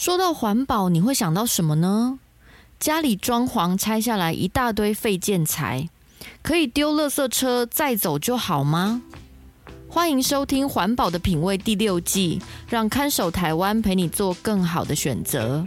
說到環保，你會想到什麼呢？家裡裝潢拆下來一大堆廢建材，可以丟垃圾車載走就好嗎？歡迎收聽《環保的品味》第六季，讓看守台灣陪你做更好的選擇。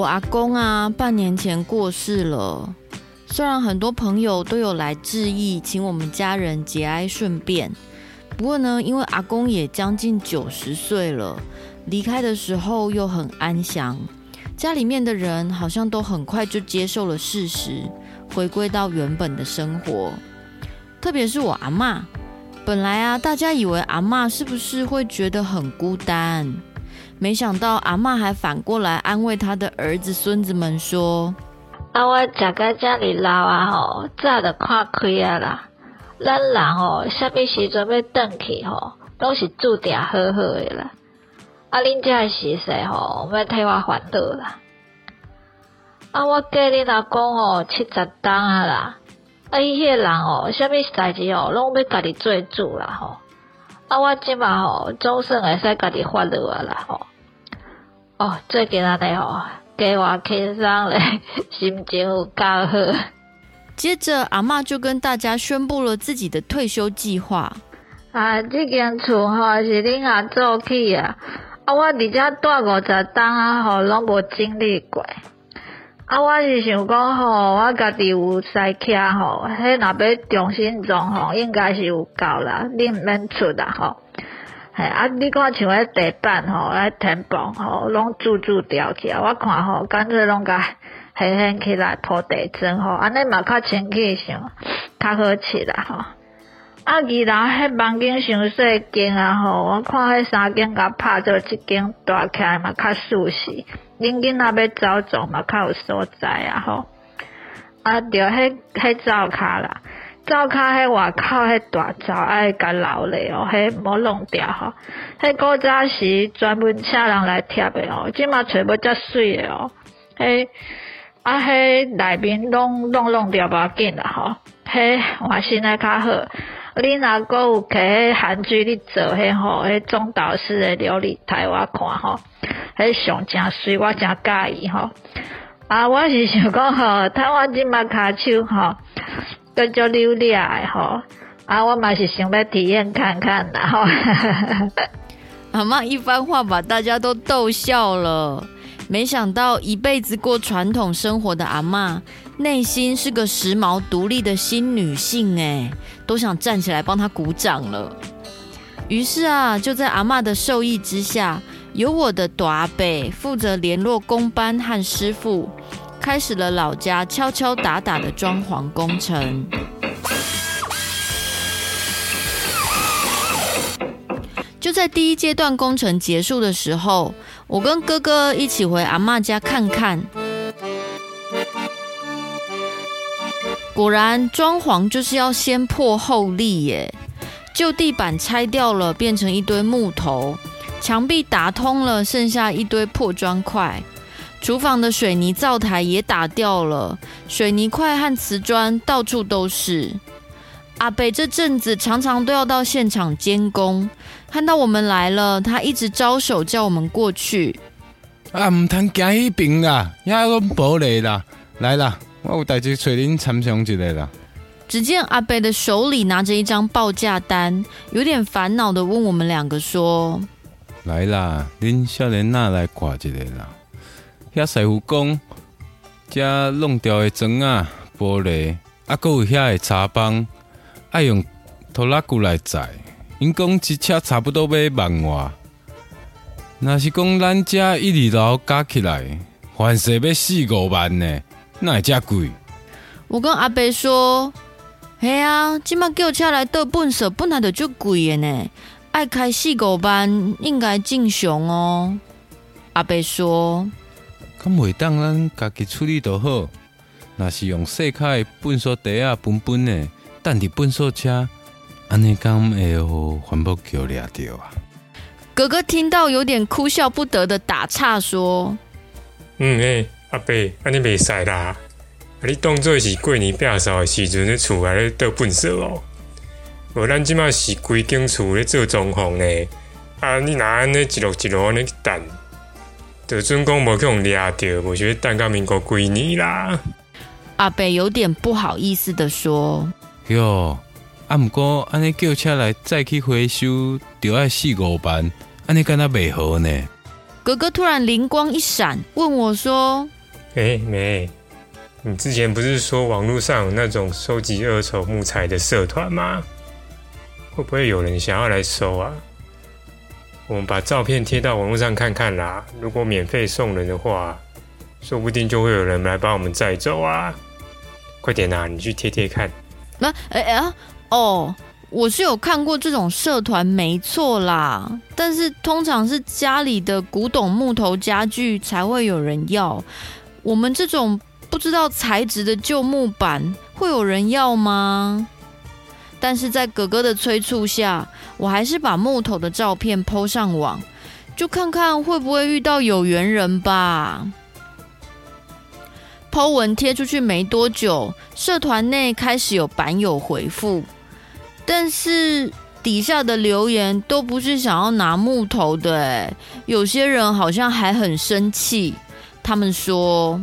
我阿公啊，半年前過世了。雖然很多朋友都有來致意，請我們家人節哀順變，不過呢，因為阿公也將近九十歲了，離開的時候又很安詳，家裡面的人好像都很快就接受了事實，回歸到原本的生活。特別是我阿嬤，本來啊，大家以為阿嬤是不是會覺得很孤單？沒想到阿嬤還反過來安慰她的兒子、孫子們說：“啊，我假在家裡老啊吼，早就看開了啦。咱人哦，啥物時陣要返去吼，攏是注定好好誒啦。啊，恁這誒事勢、喔、吼，要替我煩惱啦。啊，我嫁恁阿公哦，七十啊啦。啊，伊迄個人哦，啥物代志哦，攏要家己做主啦吼。啊，我即嘛吼，總算會使家己發落啊啦吼。”哦，最簡單哦給我輕鬆嘞，心情有夠好。接着，阿嬤就跟大家宣布了自己的退休計劃。啊，這間厝吼是恁阿祖起的，啊，我佇遮住五十棟啊，吼攏無經歷過。啊，我是想講吼，啊，我家己有西徛吼，迄若要重新裝吼，應該是有夠啦，恁毋免出的吼，啊。嘿、哎，啊，你看像迄地板吼，迄、哦、天花板吼，攏注注吊起來。我看吼，乾脆攏甲下掀起來鋪地磚吼，安尼嘛較清氣像較好吃啦吼。啊，二樓迄網頂傷細間啊吼，我看迄三間甲拍做一間大起來嘛較舒適，恁囡仔要走走嘛較有所在啊吼、哦。啊，着迄迄灶骹啦。灶腳迄外口迄大灶愛甲留咧哦，迄無弄掉吼。迄古早時專門請人來貼誒哦，即嘛找要遮水誒哦。迄啊，迄內面攏弄，弄弄着無要緊啦吼。迄我身材較好，你若佮有睇迄韓劇，你做迄吼，迄中島式誒料理台我看吼，迄上正水，我正佮意吼。啊，我是想講吼，台灣即嘛骹手吼。跟做溜溜的吼，啊，我嘛是想要體驗看看的吼。 阿媽一番話把大家都逗笑了，沒想到一輩子過傳統生活的阿媽，內心是個時髦獨立的新女性，哎，都想站起來幫她鼓掌了。於是啊，就在阿媽的授意之下，由我的大伯負責聯絡工班和師傅。開始了老家敲敲打打的裝潢工程。就在第一階段工程結束的時候，我跟哥哥一起回阿嬤家看看。果然，裝潢就是要先破後立耶！舊地板拆掉了，變成一堆木頭；牆壁打通了，剩下一堆破磚塊。廚房的水泥灶台也打掉了，水泥塊和瓷磚到處都是。阿北這陣子常常都要到現場監工，看到我們來了，他一直招手叫我們過去。啊，唔通講一邊啦，因為都玻璃啦，來啦，我有帶去找您參詳一下啦。只見阿北的手裡拿着一張報價單，有點煩惱的問我們兩個說：“來啦，恁少年娜來掛一下啦。”遐師傅講，遮弄掉的磚啊、玻璃，啊，閣有遐的柴枋，愛用拖拉庫來載。因講一車差不多要萬外，若是講咱遮一二樓加起來，凡勢要四五萬呢，那會遮貴？我跟阿伯說，嘿啊，今麥叫我車來倒糞埽，本來就貴的呢，愛開四五萬應該正常哦。阿伯說。咁袂當咱家己處理就好，那是用細塊的糞掃袋啊，分分的，等你糞掃車。安尼講會哦，環保局掠著啊！哥哥聽到有點哭笑不得的打岔說：“嗯誒、欸，阿伯，安尼袂使啦啊，啊，你當做是過年打掃的時陣咧，厝內咧倒糞掃咯。而咱即賣是規間厝咧做狀況咧，啊，你若安尼一路一路安尼去等。”這尊公冇叫我倆着，我覺得等到民國幾年啦。阿北有點不好意思的說：“喲、哦，阿姆哥，安尼叫車來再去回收，就要愛四五萬，安尼干那袂好呢。”哥哥突然靈光一閃，問我說：“哎、欸，妹，你之前不是說網絡上有那種收集二手木材的社團嗎？會不會有人想要來收啊？”我們把照片貼到網絡上看看啦！如果免費送人的話，說不定就會有人來幫我們載走啊！快點啦，你去貼貼看。那、啊……哎、欸、哎、啊、哦，我是有看過這種社團，沒錯啦。但是通常是家裡的古董木頭家具才會有人要，我們這種不知道材質的舊木板會有人要嗎？但是在哥哥的催促下，我還是把木頭的照片拋上網，就看看會不會遇到有緣人吧。拋文貼出去沒多久，社團內開始有版友回復，但是底下的留言都不是想要拿木頭的。有些人好像還很生氣，他們說：“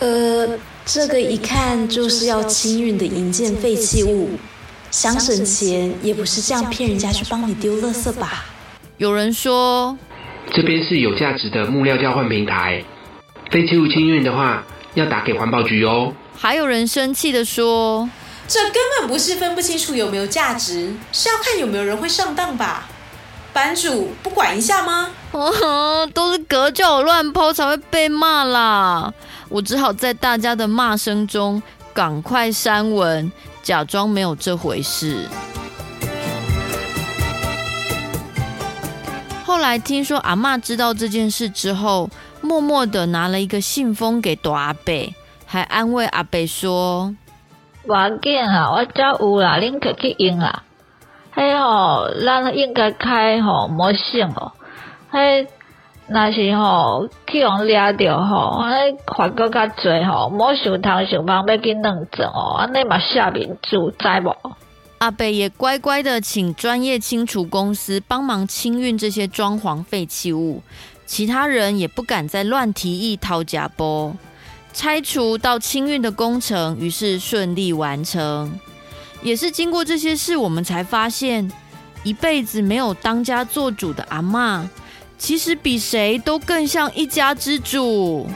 呃，這個一看就是要清運的營建廢棄物。”想省錢也不是這樣騙人家去幫你丟垃圾吧。有人說，這邊是有價值的木料交換平台，廢棄物清運的話要打給環保局哦。還有人生氣的說，這根本不是分不清楚有沒有價值，是要看有沒有人會上當吧。版主不管一下嗎？哦吼，都是隔腳亂拋才會被罵啦，我只好在大家的罵聲中趕快刪文。假裝沒有這回事。後來聽說阿嬤知道這件事之後，默默地拿了一個信封給大阿伯，還安慰阿伯說：“王健啊，我只有啦，恁可去用啦。嘿吼、哦，咱應該開吼、哦，冇省哦。嘿。”那時候去往抓掉吼、哦，安尼罰較濟吼，莫想貪想望要去弄怎哦，安尼嘛下面就在無。阿伯也乖乖的，請專業清除公司幫忙清運這些裝潢廢棄物，其他人也不敢再亂提議偷吃步。拆除到清運的工程，於是順利完成。也是經過這些事，我們才發現，一輩子沒有當家做主的阿嬤。其實比誰都更像一家之主。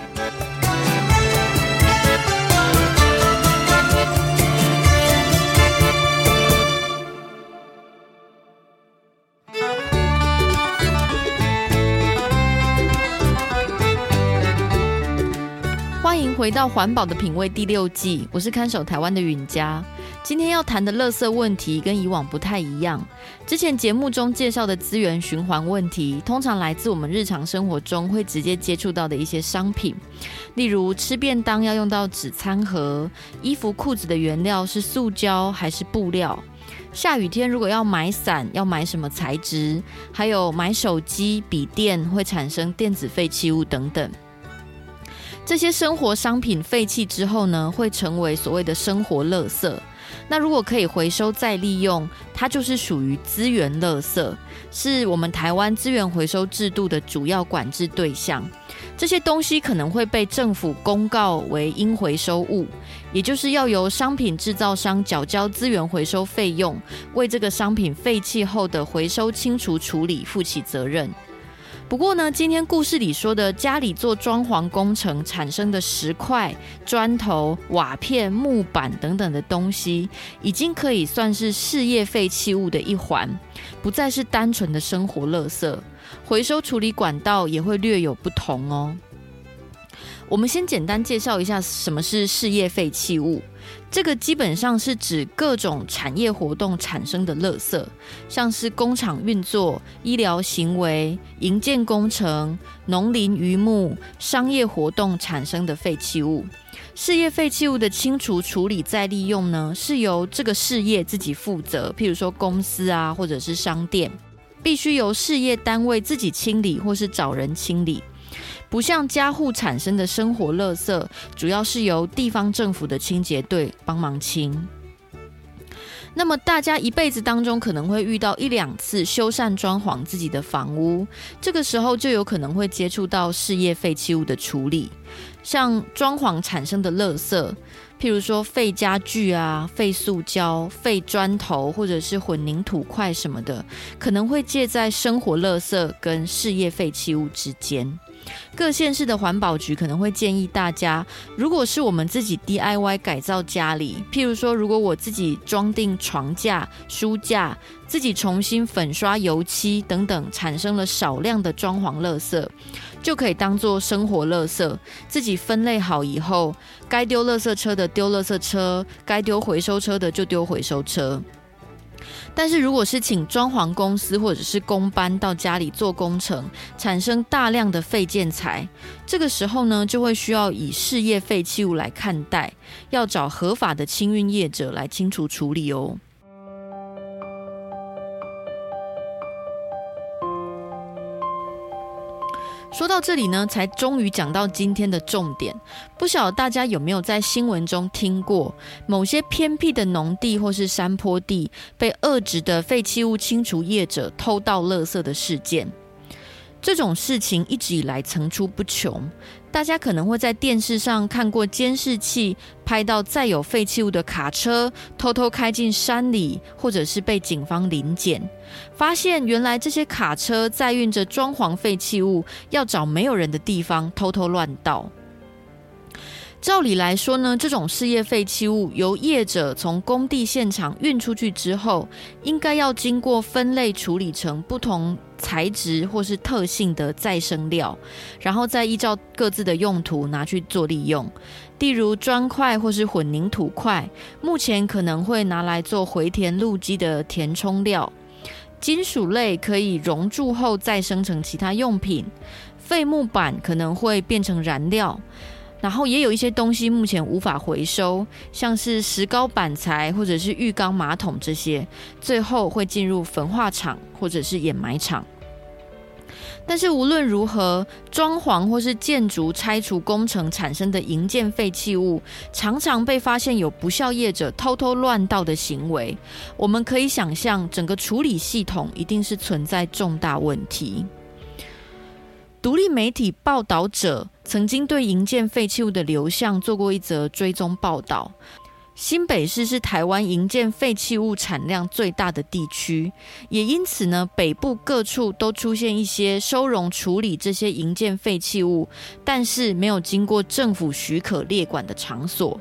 歡迎回到《環保的品味》第六季，我是看守台灣的允嘉。今天要談的垃圾問題跟以往不太一樣。之前節目中介紹的資源循環問題，通常來自我們日常生活中會直接接觸到的一些商品，例如吃便當要用到紙餐盒，衣服褲子的原料是塑膠還是布料，下雨天如果要買傘要買什麼材質，還有買手機、筆電會產生電子廢棄物等等。這些生活商品廢棄之後呢，會成為所謂的生活垃圾。那如果可以回收再利用，它就是屬於資源垃圾，是我們台灣資源回收制度的主要管制對象。這些東西可能會被政府公告為應回收物，也就是要由商品制造商繳交資源回收費用，為這個商品廢棄後的回收清除處理負起責任。不過呢，今天故事裡說的家裡做裝潢工程產生的石塊、磚頭、瓦片、木板等等的東西，已經可以算是事業廢棄物的一環，不再是單純的生活垃圾，回收處理管道也會略有不同哦。我們先簡單介紹一下什麼是事業廢棄物。這個基本上是指各種產業活動產生的垃圾，像是工廠運作、醫療行為、營建工程、農林漁牧、商業活動產生的廢棄物。事業廢棄物的清除、處理、再利用呢，是由這個事業自己負責。譬如說公司啊，或者是商店，必須由事業單位自己清理，或是找人清理。不像家戶產生的生活垃圾，主要是由地方政府的清潔隊幫忙清。那麼，大家一輩子當中可能會遇到一兩次修繕裝潢自己的房屋，這個時候就有可能會接觸到事業廢棄物的處理，像裝潢產生的垃圾，譬如說廢家具啊、廢塑膠、廢磚頭或者是混凝土塊什麼的，可能會介在生活垃圾跟事業廢棄物之間。各縣市的環保局可能會建議大家，如果是我們自己 DIY 改造家裡，譬如說，如果我自己裝訂床架、書架，自己重新粉刷油漆等等，產生了少量的裝潢垃圾，就可以當作生活垃圾，自己分類好以後，該丟垃圾車的丟垃圾車，該丟回收車的就丟回收車。但是，如果是請裝潢公司或者是工班到家裡做工程，產生大量的廢建材，這個時候呢，就會需要以事業廢棄物來看待，要找合法的清運業者來清除處理哦。說到這裡呢，才終於講到今天的重點。不曉得大家有沒有在新聞中聽過某些偏僻的農地或是山坡地被惡質的廢棄物清除業者偷倒垃圾的事件？這種事情一直以來層出不窮。大家可能會在電視上看過監視器拍到載有廢棄物的卡車偷偷開進山裡，或者是被警方臨檢，發現原來這些卡車載運着裝潢廢棄物，要找沒有人的地方偷偷亂倒。照理來說呢，這種事業廢棄物由業者從工地現場運出去之後，應該要經過分類處理成不同材質或是特性的再生料，然後再依照各自的用途拿去做利用。例如磚塊或是混凝土塊，目前可能會拿來做回填路基的填充料；金屬類可以熔鑄後再生成其他用品；廢木板可能會變成燃料。然後也有一些東西目前無法回收，像是石膏板材或者是浴缸、馬桶這些，最後會進入焚化廠或者是掩埋場。但是無論如何，裝潢或是建築拆除工程產生的營建廢棄物，常常被發現有不肖業者偷偷亂倒的行為。我們可以想象，整個處理系統一定是存在重大問題。獨立媒體報道者曾經對營建廢棄物的流向做過一則追蹤報導。新北市是台灣營建廢棄物產量最大的地區，也因此呢，北部各處都出現一些收容處理這些營建廢棄物，但是沒有經過政府許可列管的場所。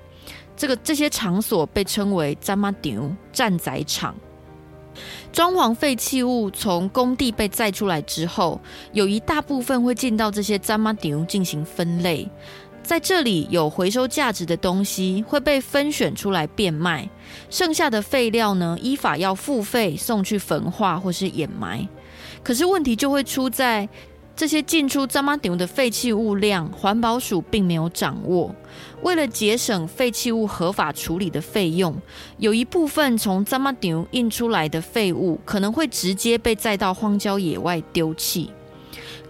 這個這些場所被稱為 “jamadu” 棧仔場。裝潢廢棄物從工地被載出來之後，有一大部分會進到這些棧仔場進行分類，在這裡有回收價值的東西會被分選出來變賣，剩下的廢料呢，依法要付費送去焚化或是掩埋，可是問題就會出在。這些進出棧仔場的廢棄物量，環保署並沒有掌握。為了節省廢棄物合法處理的費用，有一部分從棧仔場運出來的廢物可能會直接被載到荒郊野外丟棄。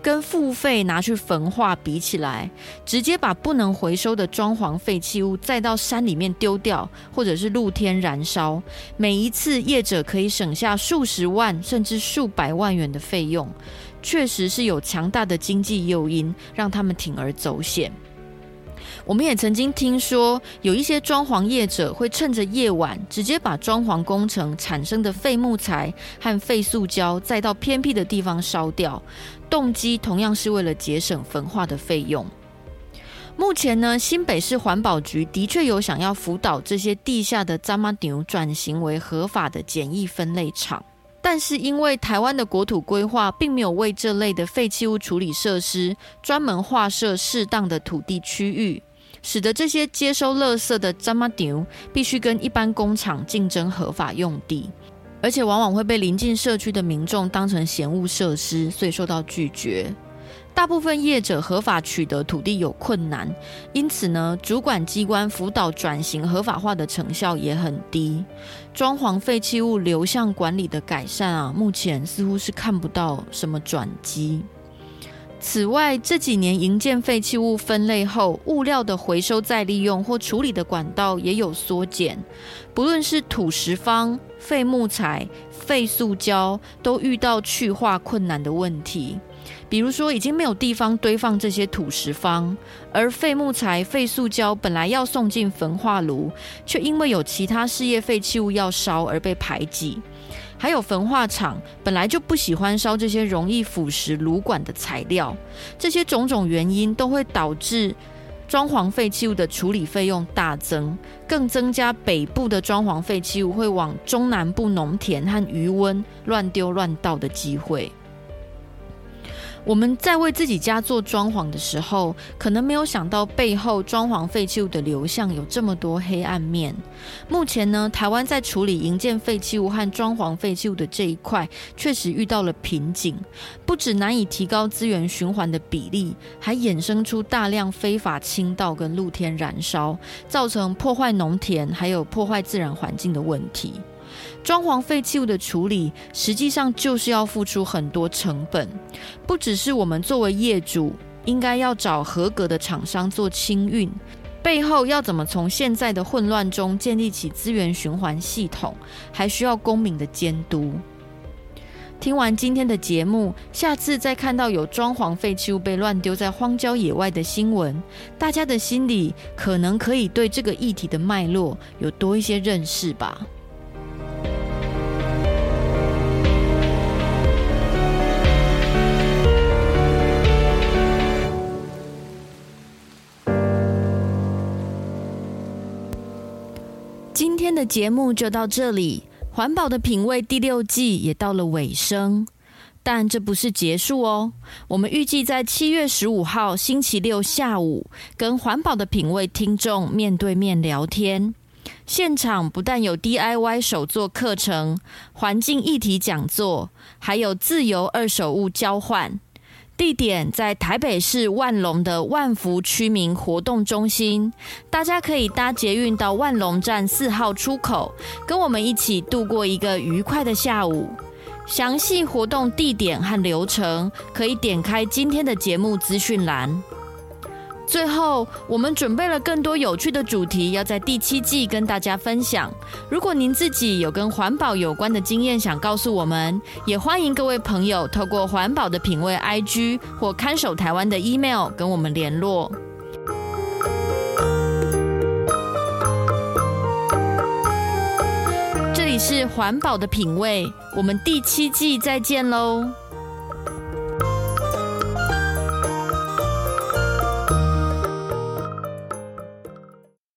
跟付費拿去焚化比起來，直接把不能回收的裝潢廢棄物載到山裡面丟掉，或者是露天燃燒，每一次業者可以省下數十萬甚至數百萬元的費用。確實是有強大的經濟誘因，讓他們鋌而走險。我們也曾經聽說，有一些裝潢業者會趁着夜晚，直接把裝潢工程產生的廢木材和廢塑膠，載到偏僻的地方燒掉，動機同樣是為了節省焚化的費用。目前呢，新北市環保局的確有想要輔導這些地下的“棧仔場”轉型為合法的簡易分類廠。但是，因為台灣的國土規劃並沒有為這類的廢棄物處理設施專門劃設適當的土地區域，使得這些接收垃圾的棧仔場必須跟一般工廠競爭合法用地，而且往往會被鄰近社區的民眾當成嫌惡設施，所以受到拒絕。大部分業者合法取得土地有困難，因此呢，主管機關輔導轉型合法化的成效也很低。裝潢廢棄物流向管理的改善啊，目前似乎是看不到什麼轉機。此外，這幾年營建廢棄物分類後，物料的回收再利用或處理的管道也有縮減，不論是土石方、廢木材、廢塑膠，都遇到去化困難的問題。比如說，已經沒有地方堆放這些土石方，而廢木材、廢塑膠本來要送進焚化爐，卻因為有其他事業廢棄物要燒而被排擠。還有焚化廠本來就不喜歡燒這些容易腐蝕爐管的材料，這些種種原因都會導致裝潢廢棄物的處理費用大增，更增加北部的裝潢廢棄物會往中南部農田和魚塭亂丟亂倒的機會。我們在為自己家做裝潢的時候，可能沒有想到背後裝潢廢棄物的流向有這麼多黑暗面。目前呢，台灣在處理營建廢棄物和裝潢廢棄物的這一塊，確實遇到了瓶頸，不止難以提高資源循環的比例，還衍生出大量非法傾倒跟露天燃燒，造成破壞農田還有破壞自然環境的問題。裝潢廢棄物的處理，實際上就是要付出很多成本，不只是我們作為業主應該要找合格的廠商做清運，背後要怎麼從現在的混亂中建立起資源循環系統，還需要公民的監督。聽完今天的節目，下次再看到有裝潢廢棄物被亂丟在荒郊野外的新聞，大家的心裡可能可以對這個議題的脈絡有多一些認識吧。今天的節目就到這裡，《環保的品味》第六季也到了尾聲，但這不是結束哦。我們預計在七月十五號星期六下午，跟《環保的品味》聽眾面對面聊天。現場不但有 DIY 手作課程、環境議題講座，還有自由二手物交換。地點在台北市萬隆的萬福區民活動中心，大家可以搭捷運到萬隆站四號出口，跟我們一起度過一個愉快的下午。詳細活動地點和流程，可以點開今天的節目資訊欄。最後，我們準備了更多有趣的主題，要在第七季跟大家分享。如果您自己有跟環保有關的經驗想告訴我們，也歡迎各位朋友透過環保的品味 IG 或看守台灣的 email 跟我們聯絡。這裡是環保的品味，我們第七季再見嘍。